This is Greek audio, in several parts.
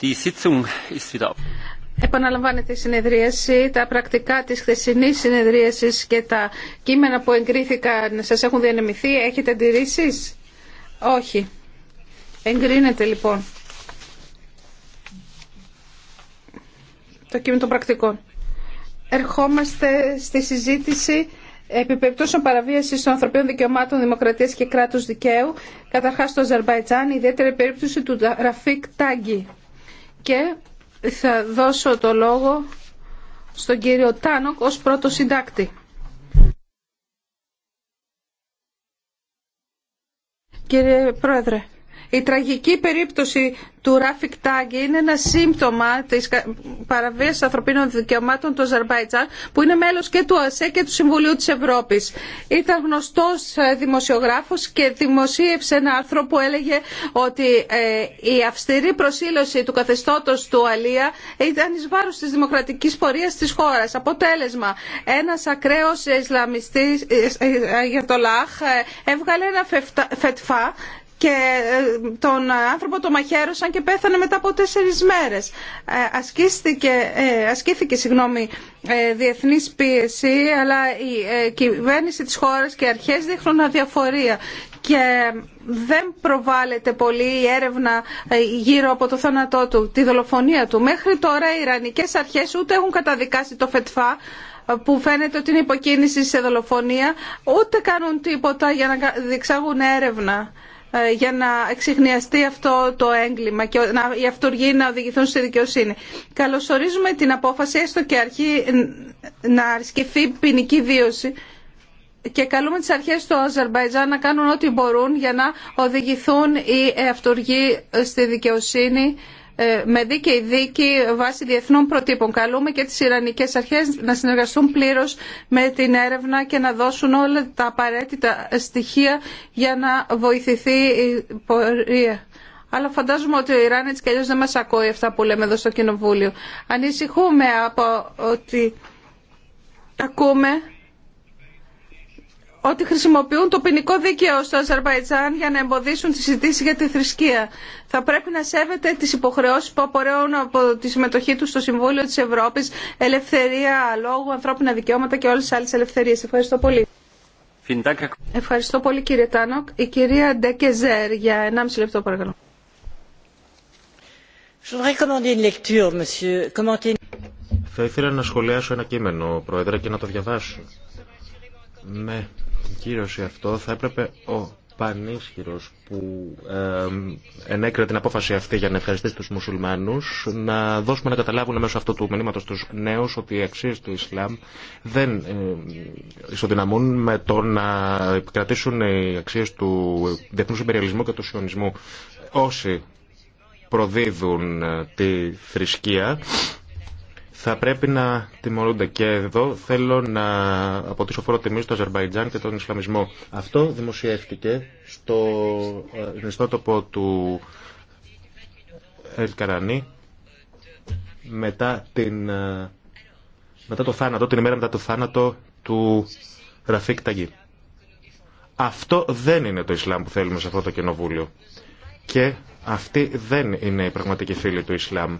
Die Επαναλαμβάνεται η συνεδρίαση. Τα πρακτικά της χθεσινής συνεδρίασης και τα κείμενα που εγκρίθηκαν σας έχουν διανεμηθεί. Έχετε αντιρρήσεις? Όχι. Εγκρίνεται λοιπόν. Το κείμενο των πρακτικών. Ερχόμαστε στη συζήτηση επί περιπτώσεων παραβίαση των ανθρωπίνων δικαιωμάτων, δημοκρατία και κράτου δικαίου, καταρχά στο Αζερβαϊτζάν, ιδιαίτερη περίπτωση του Ραφίκ Τάγκη και θα δώσω το λόγο στον κύριο Τάνοκ ως πρώτο συντάκτη. Κύριε Πρόεδρε, η τραγική περίπτωση του Ράφικ Τάγκη είναι ένα σύμπτωμα της παραβίαση ανθρωπίνων δικαιωμάτων του Αζερβαϊτζάν που είναι μέλος και του ΑΣΕ και του Συμβουλίου της Ευρώπης. Ήταν γνωστός ε, δημοσιογράφος και δημοσίευσε ένα άρθρο που έλεγε ότι ε, η αυστηρή προσήλωση του καθεστώτος του Αλία ήταν ει βάρο της δημοκρατική πορεία της χώρας. Αποτέλεσμα, ένας ακραίος Ισλαμιστής ε, για το ΛΑΧ έβγαλε ένα φετφά και ε, τον άνθρωπο το μαχαίρωσαν και πέθανε μετά από τέσσερις μέρες. Ε, ασκήθηκε, ε, ασκήθηκε συγγνώμη, διεθνής πίεση, αλλά η κυβέρνηση της χώρας και οι αρχές δείχνουν αδιαφορία και δεν προβάλλεται πολύ η έρευνα γύρω από το θάνατό του, τη δολοφονία του. Μέχρι τώρα οι Ιρανικές αρχές ούτε έχουν καταδικάσει το ΦΕΤΦΑ, που φαίνεται ότι είναι υποκίνηση σε δολοφονία, ούτε κάνουν τίποτα για να διεξάγουν έρευνα. Ε, για να εξηχνιαστεί αυτό το έγκλημα και οι αυτοργοί να οδηγηθούν στη δικαιοσύνη. Καλωσορίζουμε την απόφαση έστω και αρχή να αρισκευθεί ποινική δίωση και καλούμε τις αρχές του Αζερμπαϊτζάν να κάνουν ό,τι μπορούν για να οδηγηθούν οι αυτοργοί στη δικαιοσύνη ε, με δίκαιη δίκη βάσει διεθνών προτύπων. Καλούμε και τις Ιρανικές αρχές να συνεργαστούν πλήρως με την έρευνα και να δώσουν όλα τα απαραίτητα στοιχεία για να βοηθηθεί η πορεία. Αλλά φαντάζομαι ότι ο Ιράν έτσι κι δεν μας ακούει αυτά που λέμε εδώ στο Κοινοβούλιο. Ανησυχούμε από ότι ακούμε ότι χρησιμοποιούν το ποινικό δίκαιο στο Αζερβαϊτζάν για να εμποδίσουν τη συζήτηση για τη θρησκεία. Θα πρέπει να σέβεται τις υποχρεώσεις που απορρέουν από τη συμμετοχή του στο Συμβούλιο της Ευρώπης, ελευθερία λόγου, ανθρώπινα δικαιώματα και όλες τις άλλες ελευθερίες. Ευχαριστώ πολύ. Ευχαριστώ πολύ κύριε Τάνοκ. Η κυρία Ντεκεζέρ για 1,5 λεπτό παρακαλώ. Θα ήθελα να σχολιάσω ένα κείμενο, Πρόεδρε, και να το διαβάσω. Με ναι κύρωση αυτό θα έπρεπε ο πανίσχυρος που ενέκρινε την απόφαση αυτή για να ευχαριστήσει τους μουσουλμάνους να δώσουμε να καταλάβουν μέσω αυτού του μηνύματος τους νέους ότι οι αξίες του Ισλάμ δεν ισοδυναμούν με το να επικρατήσουν οι αξίες του διεθνούς υπεριαλισμού και του σιωνισμού. Όσοι προδίδουν ε, τη θρησκεία θα πρέπει να τιμωρούνται. Και εδώ θέλω να αποτύσω φόρο τιμή στο Αζερβαϊτζάν και τον Ισλαμισμό. Αυτό δημοσιεύτηκε στο ε, ιστότοπο του Ελκαρανή μετά, την, ε, μετά το θάνατο, την ημέρα μετά το θάνατο του Ραφίκ Ταγί. Αυτό δεν είναι το Ισλάμ που θέλουμε σε αυτό το κοινοβούλιο. Και αυτή δεν είναι η πραγματική φίλη του Ισλάμ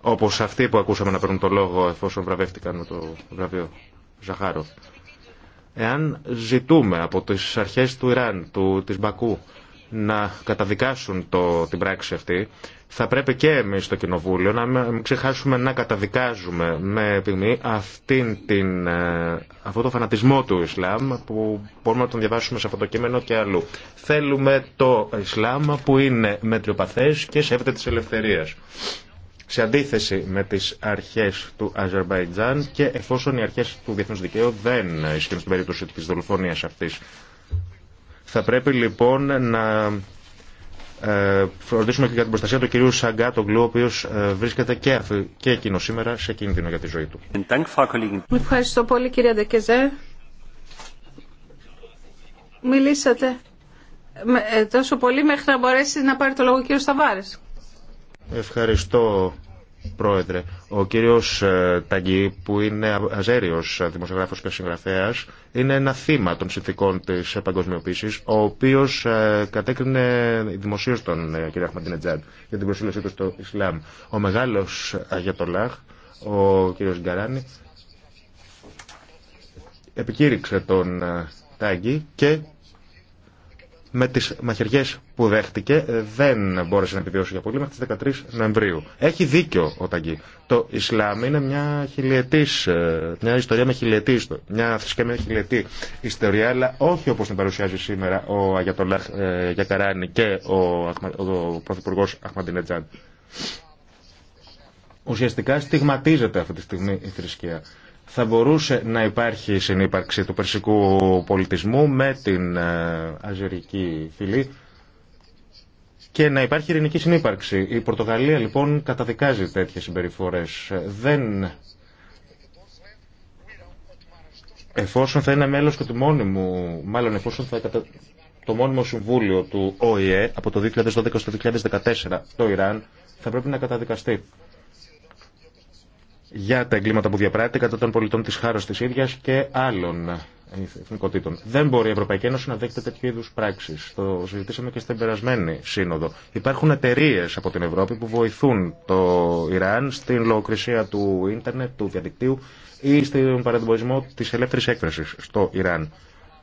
όπως αυτοί που ακούσαμε να παίρνουν το λόγο εφόσον βραβεύτηκαν το βραβείο Ζαχάροφ. Εάν ζητούμε από τις αρχές του Ιράν, του, της Μπακού, να καταδικάσουν το, την πράξη αυτή, θα πρέπει και εμείς στο Κοινοβούλιο να μην ξεχάσουμε να καταδικάζουμε με πυγμή αυτήν την, ε, αυτό το φανατισμό του Ισλάμ που μπορούμε να τον διαβάσουμε σε αυτό το κείμενο και αλλού. Θέλουμε το Ισλάμ που είναι μετριοπαθές και σέβεται της ελευθερίας σε αντίθεση με τις αρχές του Αζερβαϊτζάν και εφόσον οι αρχές του διεθνούς δικαίου δεν ισχύουν στην περίπτωση της δολοφονίας αυτής. Θα πρέπει λοιπόν να ε, φροντίσουμε και για την προστασία του κυρίου Σαγκάτογλου, ο οποίο ε, βρίσκεται και, και εκείνο σήμερα σε κίνδυνο για τη ζωή του. Ευχαριστώ πολύ κύριε Ντεκεζέ. Μιλήσατε ε, τόσο πολύ μέχρι να μπορέσει να πάρει το λόγο ο κύριος Σταβάρης. Ευχαριστώ, Πρόεδρε. Ο κύριος ε, Ταγκή, που είναι αζέριος δημοσιογράφος και συγγραφέας, είναι ένα θύμα των συνθήκων της παγκοσμιοποίησης, ο οποίος ε, κατέκρινε δημοσίως τον ε, κύριο Αχμαντινετζάν για την προσήλωσή του στο Ισλάμ. Ο μεγάλος Αγιατολάχ, ο κύριος Γκαράνη, επικήρυξε τον Τάγκη και με τις μαχαιριές που δέχτηκε ε, δεν μπόρεσε να επιβιώσει για πολύ μέχρι τις 13 Νοεμβρίου. Έχει δίκιο ο Ταγκή. Το Ισλάμ είναι μια χιλιετής, ε, μια ιστορία με χιλιετή, μια θρησκεία με χιλιετή ιστορία, αλλά όχι όπως την παρουσιάζει σήμερα ο Αγιατολάχ ε, Γιακαράνη και ο, ο Πρωθυπουργό Αχμαντινέτζαν. Ουσιαστικά στιγματίζεται αυτή τη στιγμή η θρησκεία θα μπορούσε να υπάρχει συνύπαρξη του περσικού πολιτισμού με την ε, αζερική φυλή και να υπάρχει ειρηνική συνύπαρξη. Η Πορτογαλία λοιπόν καταδικάζει τέτοιες συμπεριφορές. Δεν... Εφόσον θα είναι μέλος και του μόνιμου, μάλλον εφόσον θα κατα... το μόνιμο συμβούλιο του ΟΗΕ από το 2012 στο 2014 το Ιράν θα πρέπει να καταδικαστεί για τα εγκλήματα που διαπράττει κατά των πολιτών της χάρος της ίδιας και άλλων εθνικότητων. Δεν μπορεί η Ευρωπαϊκή Ένωση να δέχεται τέτοιου είδου πράξει. Το συζητήσαμε και στην περασμένη σύνοδο. Υπάρχουν εταιρείε από την Ευρώπη που βοηθούν το Ιράν στην λογοκρισία του ίντερνετ, του διαδικτύου ή στον παραδημοσμό τη ελεύθερη έκφραση στο Ιράν.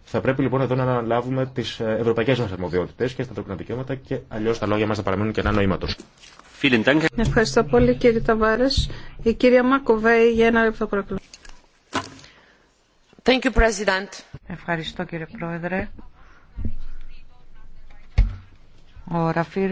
Θα πρέπει λοιπόν εδώ να αναλάβουμε τι ευρωπαϊκέ μα αρμοδιότητε και στα ανθρώπινα δικαιώματα και αλλιώ τα λόγια μα θα παραμείνουν και ένα νοήματο. Ευχαριστώ πολύ κύριε Ταβάρες. Η κυρία Μακοβέη για ένα λεπτό παρακαλώ. Thank you, President. Ευχαριστώ κύριε Πρόεδρε. Ο Ραφίρ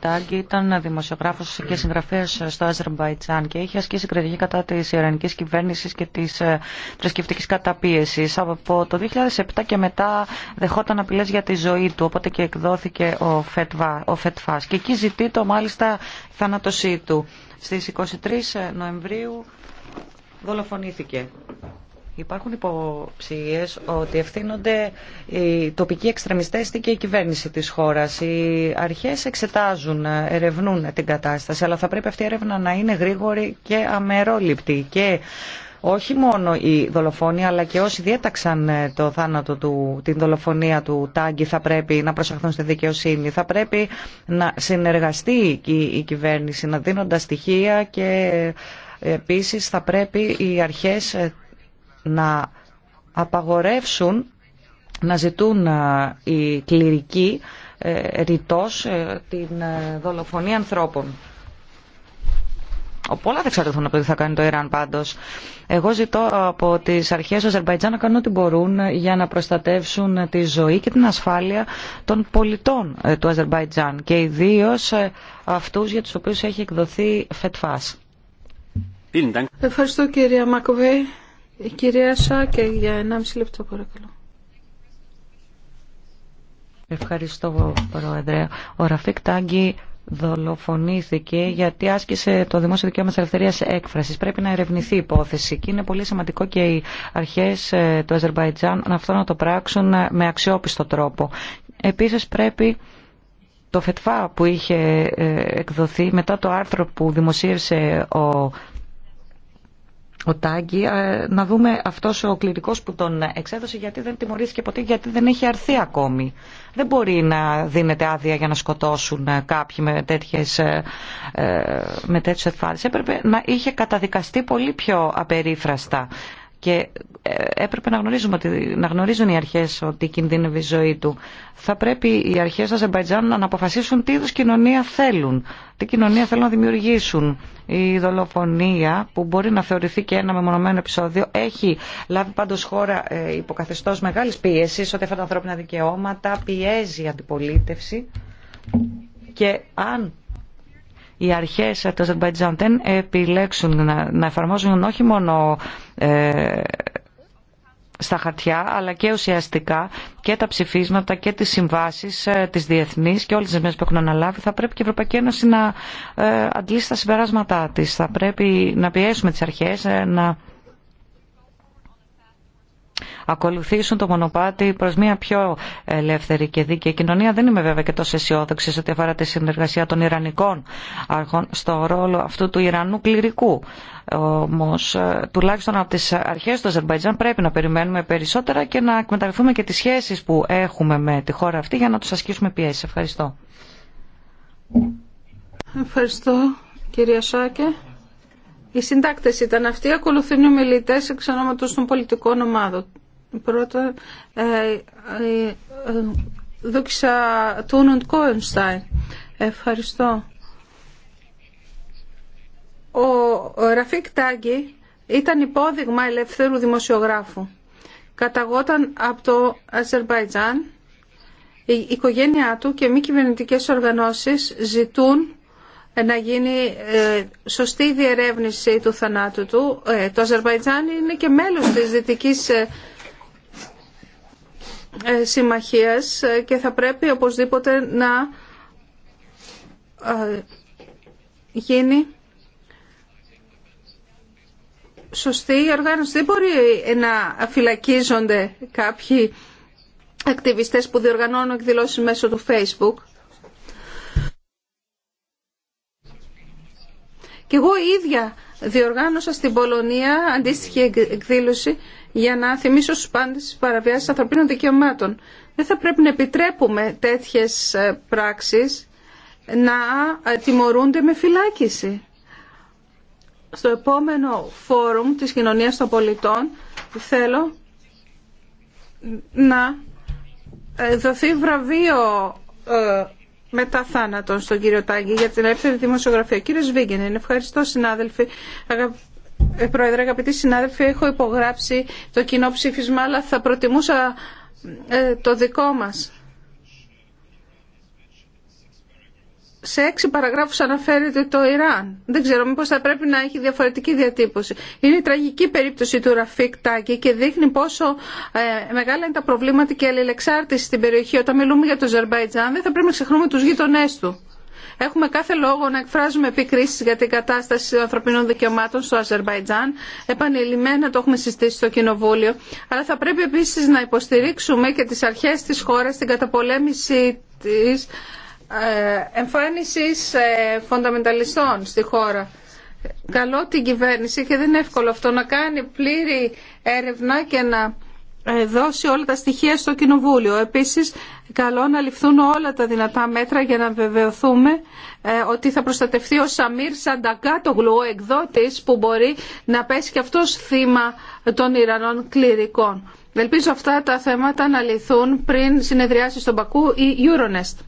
Τάγκη ήταν δημοσιογράφος και συγγραφέας στο Αζερμπαϊτζάν και είχε ασκήσει κριτική κατά της ιερανικής κυβέρνησης και της ε, θρησκευτικής καταπίεσης. Από το 2007 και μετά δεχόταν απειλές για τη ζωή του, οπότε και εκδόθηκε ο, Φετβά, ο Φετφάς. Και εκεί ζητεί το μάλιστα θάνατοσή του. Στις 23 Νοεμβρίου δολοφονήθηκε. Υπάρχουν υποψίε ότι ευθύνονται οι τοπικοί εξτρεμιστέ και η κυβέρνηση τη χώρα. Οι αρχέ εξετάζουν, ερευνούν την κατάσταση, αλλά θα πρέπει αυτή η έρευνα να είναι γρήγορη και αμερόληπτη. Και όχι μόνο οι δολοφόνοι, αλλά και όσοι διέταξαν ε, το θάνατο του, την δολοφονία του Τάγκη θα πρέπει να προσαχθούν στη δικαιοσύνη. Θα πρέπει να συνεργαστεί η κυβέρνηση, να δίνοντα στοιχεία και ε, επίσης θα πρέπει οι αρχές ε, να απαγορεύσουν να ζητούν οι κληρικοί ε, ρητός ε, την ε, δολοφονία ανθρώπων. Πολλά θα εξαρτηθούν από τι θα κάνει το Ιράν πάντως. Εγώ ζητώ από τις αρχές του Αζερβαϊτζάν να κάνουν ό,τι μπορούν για να προστατεύσουν τη ζωή και την ασφάλεια των πολιτών του Αζερβαϊτζάν και ιδίω αυτούς για τους οποίους έχει εκδοθεί φετφά. Ευχαριστώ κύριε Μακοβέη. Η κυρία Σάκε για μισή λεπτό παρακαλώ. Ευχαριστώ Πρόεδρε. Ο Ραφίκ Τάγκη δολοφονήθηκε γιατί άσκησε το δημόσιο δικαίωμα τη ελευθερία έκφραση. Πρέπει να ερευνηθεί η υπόθεση και είναι πολύ σημαντικό και οι αρχέ ε, του Αζερβαϊτζάν αυτό να το πράξουν ε, με αξιόπιστο τρόπο. Επίση πρέπει το φετφά που είχε ε, εκδοθεί μετά το άρθρο που δημοσίευσε ο ο Τάγκη, ε, να δούμε αυτός ο κληρικός που τον εξέδωσε γιατί δεν τιμωρήθηκε ποτέ, γιατί δεν έχει αρθεί ακόμη. Δεν μπορεί να δίνεται άδεια για να σκοτώσουν ε, κάποιοι με, τέτοιες, ε, με Έπρεπε να είχε καταδικαστεί πολύ πιο απερίφραστα και ε, έπρεπε να, γνωρίζουμε ότι, να γνωρίζουν οι αρχές ότι κινδύνευε η ζωή του. Θα πρέπει οι αρχές του να αποφασίσουν τι είδους κοινωνία θέλουν, τι κοινωνία θέλουν να δημιουργήσουν. Η δολοφονία που μπορεί να θεωρηθεί και ένα μεμονωμένο επεισόδιο έχει λάβει πάντως χώρα ε, υποκαθεστώς μεγάλης πίεσης ότι αυτά τα ανθρώπινα δικαιώματα πιέζει η αντιπολίτευση και αν οι αρχές του Αζερμπαϊτζάν δεν επιλέξουν να, να εφαρμόζουν όχι μόνο ε, στα χαρτιά αλλά και ουσιαστικά και τα ψηφίσματα και τις συμβάσεις ε, διεθνή και όλες τις μέσες που έχουν αναλάβει θα πρέπει και η Ευρωπαϊκή Ένωση να ε, αντλήσει τα συμπεράσματά της. Θα πρέπει να πιέσουμε τις αρχές ε, να ακολουθήσουν το μονοπάτι προ μια πιο ελεύθερη και δίκαιη κοινωνία. Δεν είμαι βέβαια και τόσο αισιόδοξη ό,τι αφορά τη συνεργασία των Ιρανικών αρχών στο ρόλο αυτού του Ιρανού κληρικού. Όμω, ε, τουλάχιστον από τι αρχέ του Αζερμπαϊτζάν πρέπει να περιμένουμε περισσότερα και να εκμεταλλευτούμε και τι σχέσει που έχουμε με τη χώρα αυτή για να του ασκήσουμε πιέσει. Ευχαριστώ. Ευχαριστώ, κυρία Σάκε. Οι συντάκτε ήταν αυτοί. Ακολουθούν οι ομιλητέ εξ ονόματο των πολιτικών ομάδων. Πρώτα, ε, ε, δόξα Τούνουντ Κόενστάιν. Ευχαριστώ. Ο Ραφίκ Τάγκη ήταν υπόδειγμα ελευθέρου δημοσιογράφου. Καταγόταν από το Αζερβαϊτζάν. Η οικογένειά του και μη κυβερνητικέ οργανώσεις ζητούν ε, να γίνει σωστή διερεύνηση του θανάτου του. Το Αζερβαϊτζάν είναι και μέλος της Δυτικής ε, συμμαχίας ε, και θα πρέπει οπωσδήποτε να ε, γίνει σωστή η οργάνωση. Δεν μπορεί να φυλακίζονται κάποιοι ακτιβιστές που διοργανώνουν εκδηλώσεις μέσω του Facebook. Και εγώ ίδια διοργάνωσα στην Πολωνία αντίστοιχη εκδήλωση για να θυμίσω στους πάντες τις παραβιάσεις ανθρωπίνων δικαιωμάτων. Δεν θα πρέπει να επιτρέπουμε τέτοιες ε, πράξεις να ε, τιμωρούνται με φυλάκιση. Στο επόμενο φόρουμ της κοινωνίας των πολιτών θέλω να ε, δοθεί βραβείο μετά θάνατον στον κύριο Τάγκη για την ελεύθερη δημοσιογραφία. Κύριο Σβίγγενεν, ευχαριστώ συνάδελφοι. Αγαπη... Ε, πρόεδρε, αγαπητοί συνάδελφοι, έχω υπογράψει το κοινό ψήφισμα, αλλά θα προτιμούσα ε, το δικό μας σε έξι παραγράφους αναφέρεται το Ιράν. Δεν ξέρω μήπως θα πρέπει να έχει διαφορετική διατύπωση. Είναι η τραγική περίπτωση του Ραφίκ Τάκη και δείχνει πόσο ε, μεγάλα είναι τα προβλήματα και η αλληλεξάρτηση στην περιοχή. Όταν μιλούμε για το Ζερμπαϊτζάν δεν θα πρέπει να ξεχνούμε τους γειτονέ του. Έχουμε κάθε λόγο να εκφράζουμε επικρίσει για την κατάσταση των ανθρωπίνων δικαιωμάτων στο Αζερβαϊτζάν. Επανειλημμένα το έχουμε συστήσει στο Κοινοβούλιο. Αλλά θα πρέπει επίση να υποστηρίξουμε και τι αρχέ τη χώρα στην καταπολέμηση της ε, εμφάνισης ε, φονταμενταλιστών στη χώρα. Καλό την κυβέρνηση και δεν είναι εύκολο αυτό να κάνει πλήρη έρευνα και να ε, δώσει όλα τα στοιχεία στο Κοινοβούλιο. Επίσης, καλό να ληφθούν όλα τα δυνατά μέτρα για να βεβαιωθούμε ότι θα προστατευτεί ο Σαμίρ Σανταγκάτογλου, ο εκδότης που μπορεί να πέσει και αυτός θύμα των Ιρανών κληρικών. Ελπίζω αυτά τα θέματα να λυθούν πριν συνεδριάσει στον Πακού η Euronest.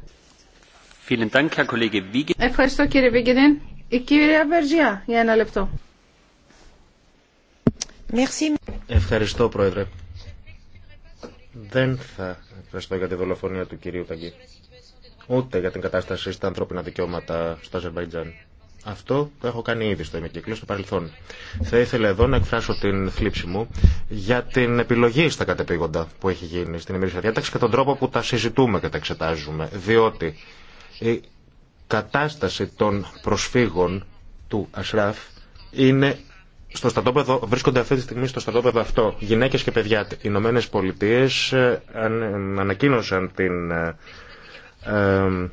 Ευχαριστώ κύριε Βίγκενεν. Η κυρία Βερζιά για ένα λεπτό. Ευχαριστώ πρόεδρε. Δεν θα ευχαριστώ για τη δολοφονία του κυρίου Ταγκή. Ούτε για την κατάσταση στα ανθρώπινα δικαιώματα στο Αζερβαϊτζάν. Αυτό το έχω κάνει ήδη στο ημικύκλιο στο παρελθόν. Θα ήθελα εδώ να εκφράσω την θλίψη μου για την επιλογή στα κατεπήγοντα που έχει γίνει στην ημερήσια διάταξη και τον τρόπο που τα συζητούμε και τα εξετάζουμε. Διότι η κατάσταση των προσφύγων του Ασράφ είναι στο στρατόπεδο, βρίσκονται αυτή τη στιγμή στο στρατόπεδο αυτό γυναίκες και παιδιά. Οι Ηνωμένε Πολιτείε ε, ανακοίνωσαν την ε, ε,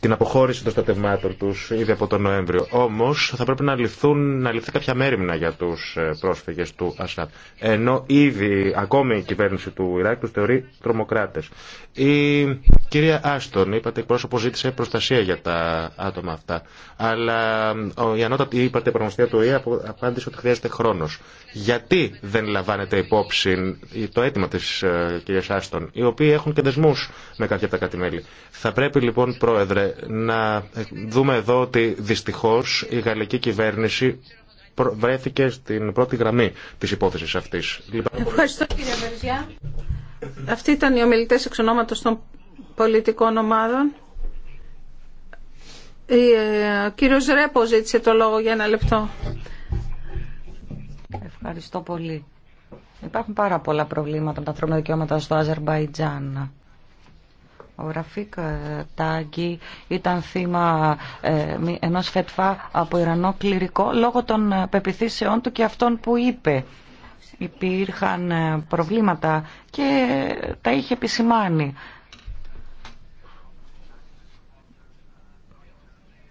την, αποχώρηση των στατευμάτων του ήδη από τον Νοέμβριο. Όμω θα πρέπει να, ληφθούν, να ληφθεί κάποια μέρημνα για τους ε, πρόσφυγες του Ασάτ. Ενώ ήδη ακόμη η κυβέρνηση του Ιράκ του θεωρεί τρομοκράτε. Κυρία Άστον, είπατε εκπρόσωπο ζήτησε προστασία για τα άτομα αυτά. Αλλά η ανώτατη, είπατε πραγματικά του ΟΗΕ, απάντησε ότι χρειάζεται χρόνο. Γιατί δεν λαμβάνεται υπόψη το αίτημα τη ε, κυρία Άστον, οι οποίοι έχουν και δεσμού με κάποια από τα κάτι μέλη. Θα πρέπει λοιπόν, Πρόεδρε, να ε, δούμε εδώ ότι δυστυχώ η γαλλική κυβέρνηση βρέθηκε στην πρώτη γραμμή τη υπόθεση αυτή. Ευχαριστώ κύριε Βεργιά. Αυτοί ήταν οι ομιλητέ εξ ονόματο των πολιτικών ομάδων. Ε, ο κύριος Ρέπο ζήτησε το λόγο για ένα λεπτό. Ευχαριστώ πολύ. Υπάρχουν πάρα πολλά προβλήματα με τα ανθρώπινα δικαιώματα στο Αζερμπαϊτζάν. Ο Ραφίκ ε, Τάγκη ήταν θύμα ε, ενός φετφά από Ιρανό κληρικό λόγω των πεπιθήσεών του και αυτών που είπε. Υπήρχαν προβλήματα και τα είχε επισημάνει.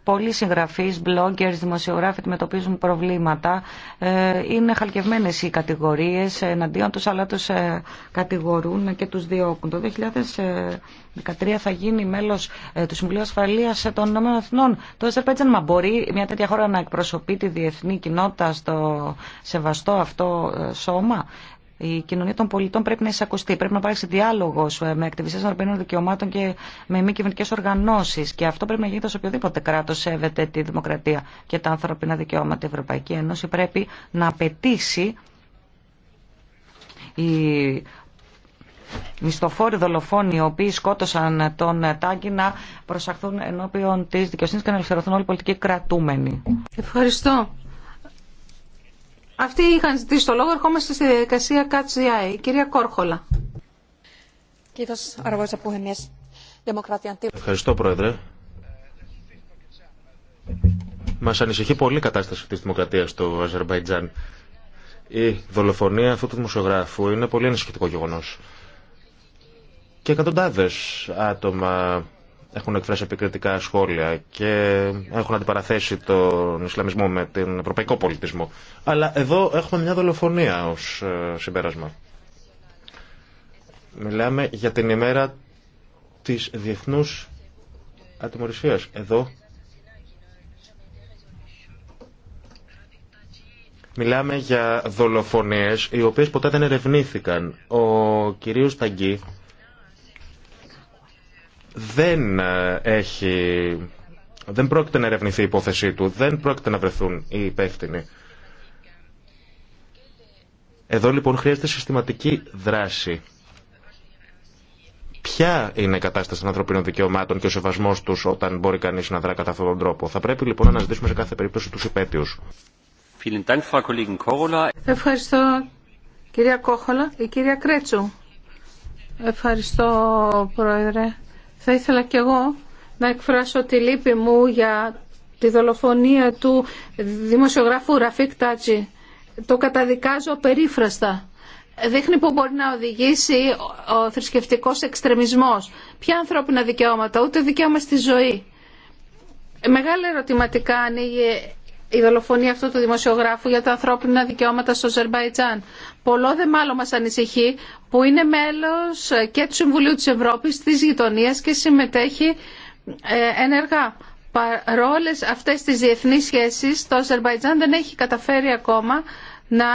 πολλοί συγγραφείς, bloggers, δημοσιογράφοι αντιμετωπίζουν προβλήματα. Ε, είναι χαλκευμένες οι κατηγορίες εναντίον τους, αλλά τους ε, κατηγορούν και τους διώκουν. Το 2013 θα γίνει μέλος ε, του Συμβουλίου Ασφαλείας των Ηνωμένων Εθνών. Το Αζερπέτζαν, μα μπορεί μια τέτοια χώρα να εκπροσωπεί τη διεθνή κοινότητα στο σεβαστό αυτό σώμα. Η κοινωνία των πολιτών πρέπει να εισακωστεί. Πρέπει να υπάρξει διάλογο ε, με ακτιβιστέ ανθρωπίνων δικαιωμάτων και με μη κυβερνητικέ οργανώσει. Και αυτό πρέπει να γίνεται σε οποιοδήποτε κράτο σέβεται τη δημοκρατία και τα ανθρώπινα δικαιώματα. Η Ευρωπαϊκή Ένωση πρέπει να απαιτήσει η μισθοφόροι δολοφόνοι οι οποίοι σκότωσαν τον Τάγκη να προσαχθούν ενώπιον της δικαιοσύνης και να ελευθερωθούν όλοι οι πολιτικοί κρατούμενοι. Ευχαριστώ. Αυτοί είχαν ζητήσει το λόγο. Ερχόμαστε στη διαδικασία ΚΑΤΣΙΑΗ. Η κυρία Κόρχολα. Ευχαριστώ, Πρόεδρε. Μα ανησυχεί πολύ η κατάσταση τη δημοκρατία του Αζερβαϊτζάν. Η δολοφονία αυτού του δημοσιογράφου είναι πολύ ανησυχητικό γεγονό. Και εκατοντάδε άτομα έχουν εκφράσει επικριτικά σχόλια και έχουν αντιπαραθέσει τον Ισλαμισμό με τον ευρωπαϊκό πολιτισμό. Αλλά εδώ έχουμε μια δολοφονία ως ε, συμπέρασμα. Μιλάμε για την ημέρα της διεθνούς ατιμορρησίας. Εδώ μιλάμε για δολοφονίες οι οποίες ποτέ δεν ερευνήθηκαν. Ο κυρίος Ταγκή δεν ε, έχει... Δεν πρόκειται να ερευνηθεί η υπόθεσή του, δεν πρόκειται να βρεθούν οι υπεύθυνοι. Εδώ λοιπόν χρειάζεται συστηματική δράση. Ποια είναι η κατάσταση των ανθρωπίνων δικαιωμάτων και ο σεβασμό του όταν μπορεί κανεί να δρά κατά αυτόν τον τρόπο. Θα πρέπει λοιπόν να αναζητήσουμε σε κάθε περίπτωση του υπέτειου. Ευχαριστώ κυρία Κόχολα. Η κυρία Κρέτσου. Ευχαριστώ πρόεδρε. Θα ήθελα κι εγώ να εκφράσω τη λύπη μου για τη δολοφονία του δημοσιογράφου Ραφίκ Τάτσι. Το καταδικάζω περίφραστα. Δείχνει που μπορεί να οδηγήσει ο θρησκευτικός εξτρεμισμός. Ποια ανθρώπινα δικαιώματα, ούτε δικαίωμα στη ζωή. Μεγάλα ερωτηματικά ανοίγει η δολοφονία αυτού του δημοσιογράφου για τα ανθρώπινα δικαιώματα στο Ζερμπαϊτζάν. Πολλό δε μάλλον μας ανησυχεί που είναι μέλος ε, και του Συμβουλίου της Ευρώπης, της γειτονίας και συμμετέχει ε, ενεργά. Παρόλες αυτές τις διεθνείς σχέσεις, το Αζερβαϊτζάν δεν έχει καταφέρει ακόμα να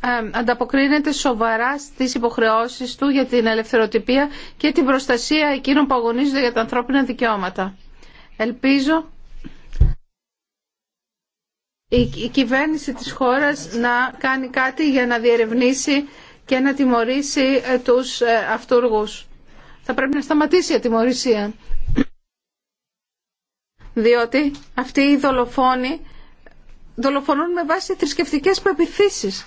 ε, ανταποκρίνεται σοβαρά στις υποχρεώσεις του για την ελευθεροτυπία και την προστασία εκείνων που αγωνίζονται για τα ανθρώπινα δικαιώματα. Ελπίζω η κυβέρνηση της χώρας να κάνει κάτι για να διερευνήσει και να τιμωρήσει ε, τους ε, αυτούργους. Θα πρέπει να σταματήσει η τιμωρησία, Διότι αυτοί οι δολοφόνοι δολοφονούν με βάση θρησκευτικέ πεπιθήσεις.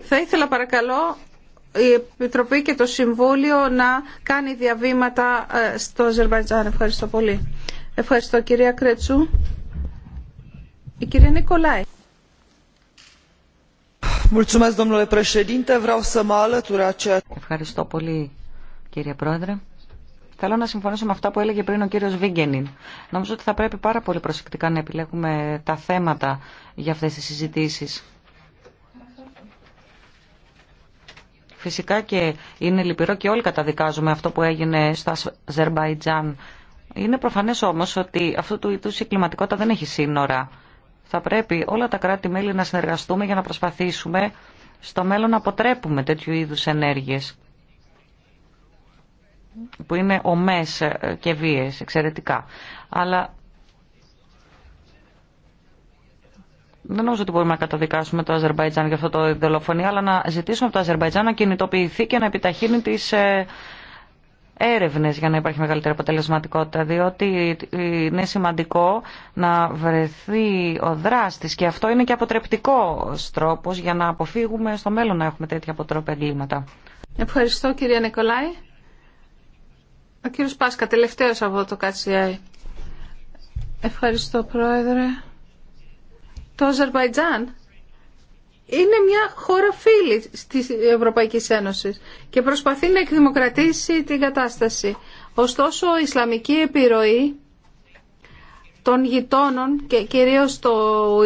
Θα ήθελα παρακαλώ η Επιτροπή και το Συμβούλιο να κάνει διαβήματα ε, στο Αζερβαϊτζάν. Ευχαριστώ πολύ. Ευχαριστώ κυρία Κρέτσου. Η κυρία Νικολάη. Ευχαριστώ πολύ κύριε Πρόεδρε. Θέλω να συμφωνήσω με αυτά που έλεγε πριν ο κύριος Βίγκενιν. Νομίζω ότι θα πρέπει πάρα πολύ προσεκτικά να επιλέγουμε τα θέματα για αυτές τις συζητήσεις. Φυσικά και είναι λυπηρό και όλοι καταδικάζουμε αυτό που έγινε στα Αζερμπαϊτζάν. Είναι προφανές όμως ότι αυτού του είδους η κλιματικότητα δεν έχει σύνορα. Θα πρέπει όλα τα κράτη-μέλη να συνεργαστούμε για να προσπαθήσουμε στο μέλλον να αποτρέπουμε τέτοιου είδους ενέργειες που είναι ομές και βίες εξαιρετικά. Αλλά δεν νομίζω ότι μπορούμε να καταδικάσουμε το Αζερβαϊτζάν για αυτό το δολοφονία, αλλά να ζητήσουμε από το Αζερβαϊτζάν να κινητοποιηθεί και να επιταχύνει τις ε, έρευνες για να υπάρχει μεγαλύτερη αποτελεσματικότητα, διότι είναι σημαντικό να βρεθεί ο δράστης και αυτό είναι και αποτρεπτικό τρόπος για να αποφύγουμε στο μέλλον να έχουμε τέτοια αποτρόπια εγκλήματα. Ευχαριστώ κυρία Νικολάη. Ο κύριος Πάσκα, τελευταίος από το ΚΑΤΣΙΑΙ. Ευχαριστώ πρόεδρε. Το Αζερβαϊτζάν είναι μια χώρα φίλη της Ευρωπαϊκής Ένωσης και προσπαθεί να εκδημοκρατήσει την κατάσταση. Ωστόσο, η Ισλαμική επιρροή των γειτόνων και κυρίως το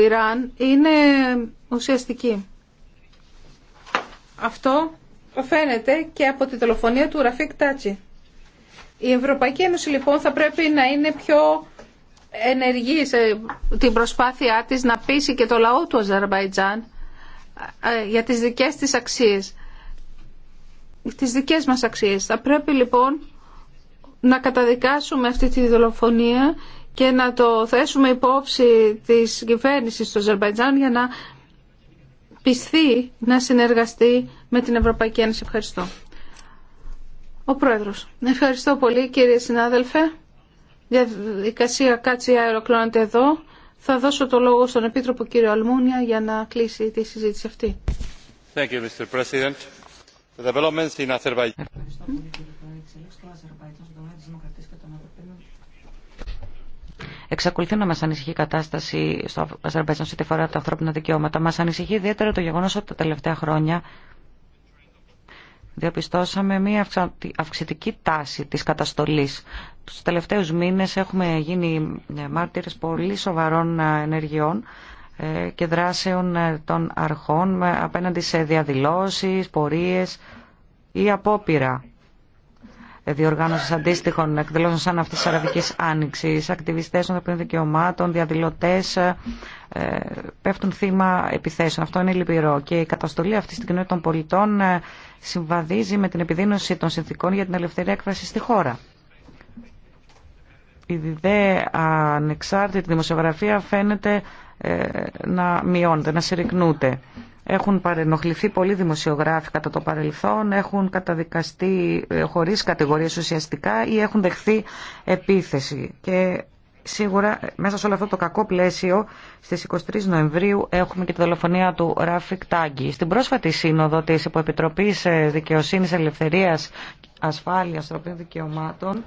Ιράν είναι ουσιαστική. Αυτό φαίνεται και από τη τηλεφωνία του Ραφίκ Τάτσι. Η Ευρωπαϊκή Ένωση λοιπόν θα πρέπει να είναι πιο ενεργή σε την προσπάθειά της να πείσει και το λαό του Αζερβαϊτζάν ε, για τις δικές της αξίες, τις δικές μας αξίες. Θα πρέπει λοιπόν να καταδικάσουμε αυτή τη δολοφονία και να το θέσουμε υπόψη της κυβέρνησης του Ζερμπαϊτζάν για να πιστεί να συνεργαστεί με την Ευρωπαϊκή Ένωση. Ευχαριστώ. Ο Πρόεδρος. Ευχαριστώ πολύ κύριε συνάδελφε. Διαδικασία κάτσε αεροκλώνεται εδώ. Θα δώσω το λόγο στον Επίτροπο κύριο Αλμούνια για να κλείσει τη συζήτηση αυτή. Εξακολουθεί να μα ανησυχεί η κατάσταση στο Αζερβαϊτζάν σε τη φορά τα ανθρώπινα δικαιώματα. Μα ανησυχεί ιδιαίτερα το γεγονό ότι τα τελευταία χρόνια διαπιστώσαμε μια αυξητική τάση της καταστολής. Τους τελευταίους μήνες έχουμε γίνει ε, μάρτυρες πολύ σοβαρών ε, ενεργειών ε, και δράσεων των αρχών απέναντι σε διαδηλώσεις, πορείες ή απόπειρα διοργάνωση αντίστοιχων εκδηλώσεων σαν αυτή τη Αραβική Άνοιξη. Ακτιβιστέ των ανθρωπίνων δικαιωμάτων, διαδηλωτέ ε, πέφτουν θύμα επιθέσεων. Αυτό είναι λυπηρό. Και η καταστολή αυτή στην κοινότητα των πολιτών ε, συμβαδίζει με την επιδείνωση των συνθήκων για την ελευθερία έκφραση στη χώρα. Η διδέ ανεξάρτητη δημοσιογραφία φαίνεται ε, να μειώνεται, να συρρυκνούται. Έχουν παρενοχληθεί πολλοί δημοσιογράφοι κατά το παρελθόν, έχουν καταδικαστεί ε, χωρίς κατηγορίες ουσιαστικά ή έχουν δεχθεί επίθεση. Και σίγουρα ε, μέσα σε όλο αυτό το κακό πλαίσιο στις 23 Νοεμβρίου έχουμε και τη δολοφονία του Ράφικ Τάγκη. Στην πρόσφατη σύνοδο της Υποεπιτροπής ε, Δικαιοσύνης Ελευθερίας Ασφάλειας Τροπίων Δικαιωμάτων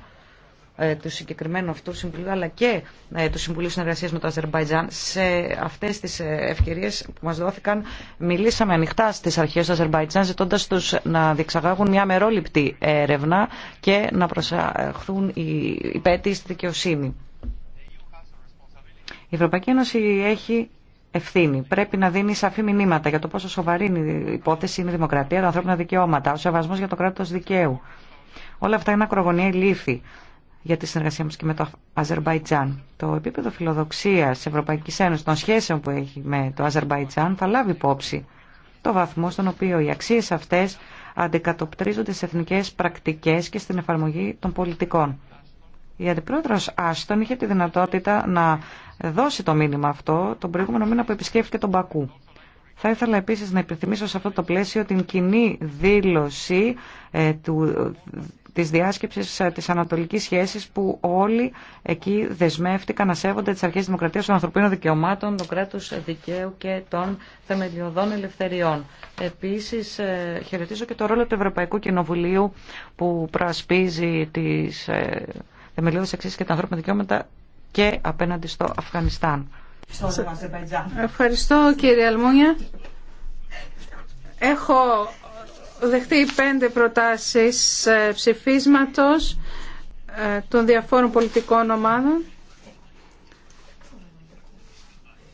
ε, του συγκεκριμένου αυτού συμβουλίου αλλά και ε, του Συμβουλίου συνεργασία με το Αζερμπαϊτζάν. Σε αυτέ τι ε, ευκαιρίε που μα δόθηκαν μιλήσαμε ανοιχτά στι αρχέ του Αζερμπαϊτζάν ζητώντα του να διεξαγάγουν μια μερόληπτη έρευνα και να προσαχθούν οι υπέτειοι στη δικαιοσύνη. Η Ευρωπαϊκή Ένωση έχει ευθύνη. Πρέπει να δίνει σαφή μηνύματα για το πόσο σοβαρή είναι η υπόθεση είναι η δημοκρατία, τα ανθρώπινα δικαιώματα, ο σεβασμό για το κράτο δικαίου. Όλα αυτά είναι ακρογωνία λύθη για τη συνεργασία μας και με το Αζερβαϊτζάν. Το επίπεδο φιλοδοξίας Ευρωπαϊκής Ένωσης των σχέσεων που έχει με το Αζερβαϊτζάν θα λάβει υπόψη το βαθμό στον οποίο οι αξίες αυτές αντικατοπτρίζονται σε εθνικές πρακτικές και στην εφαρμογή των πολιτικών. Η Αντιπρόεδρος Άστον είχε τη δυνατότητα να δώσει το μήνυμα αυτό τον προηγούμενο μήνα που επισκέφθηκε τον Πακού. Θα ήθελα επίσης να υπενθυμίσω σε αυτό το πλαίσιο την κοινή δήλωση ε, του της διάσκεψης ε, της ανατολικής σχέσης που όλοι εκεί δεσμεύτηκαν να σέβονται τις αρχές της δημοκρατίας των ανθρωπίνων δικαιωμάτων, των κράτους δικαίου και των θεμελιωδών ελευθεριών. Επίσης, ε, χαιρετίζω και το ρόλο του Ευρωπαϊκού Κοινοβουλίου που προασπίζει τις ε, θεμελιώδεις αξίες και τα ανθρώπινα δικαιώματα και απέναντι στο Αφγανιστάν. Ευχαριστώ κύριε Αλμούνια. Έχω δεχτεί πέντε προτάσεις ε, ψηφίσματος ε, των διαφόρων πολιτικών ομάδων.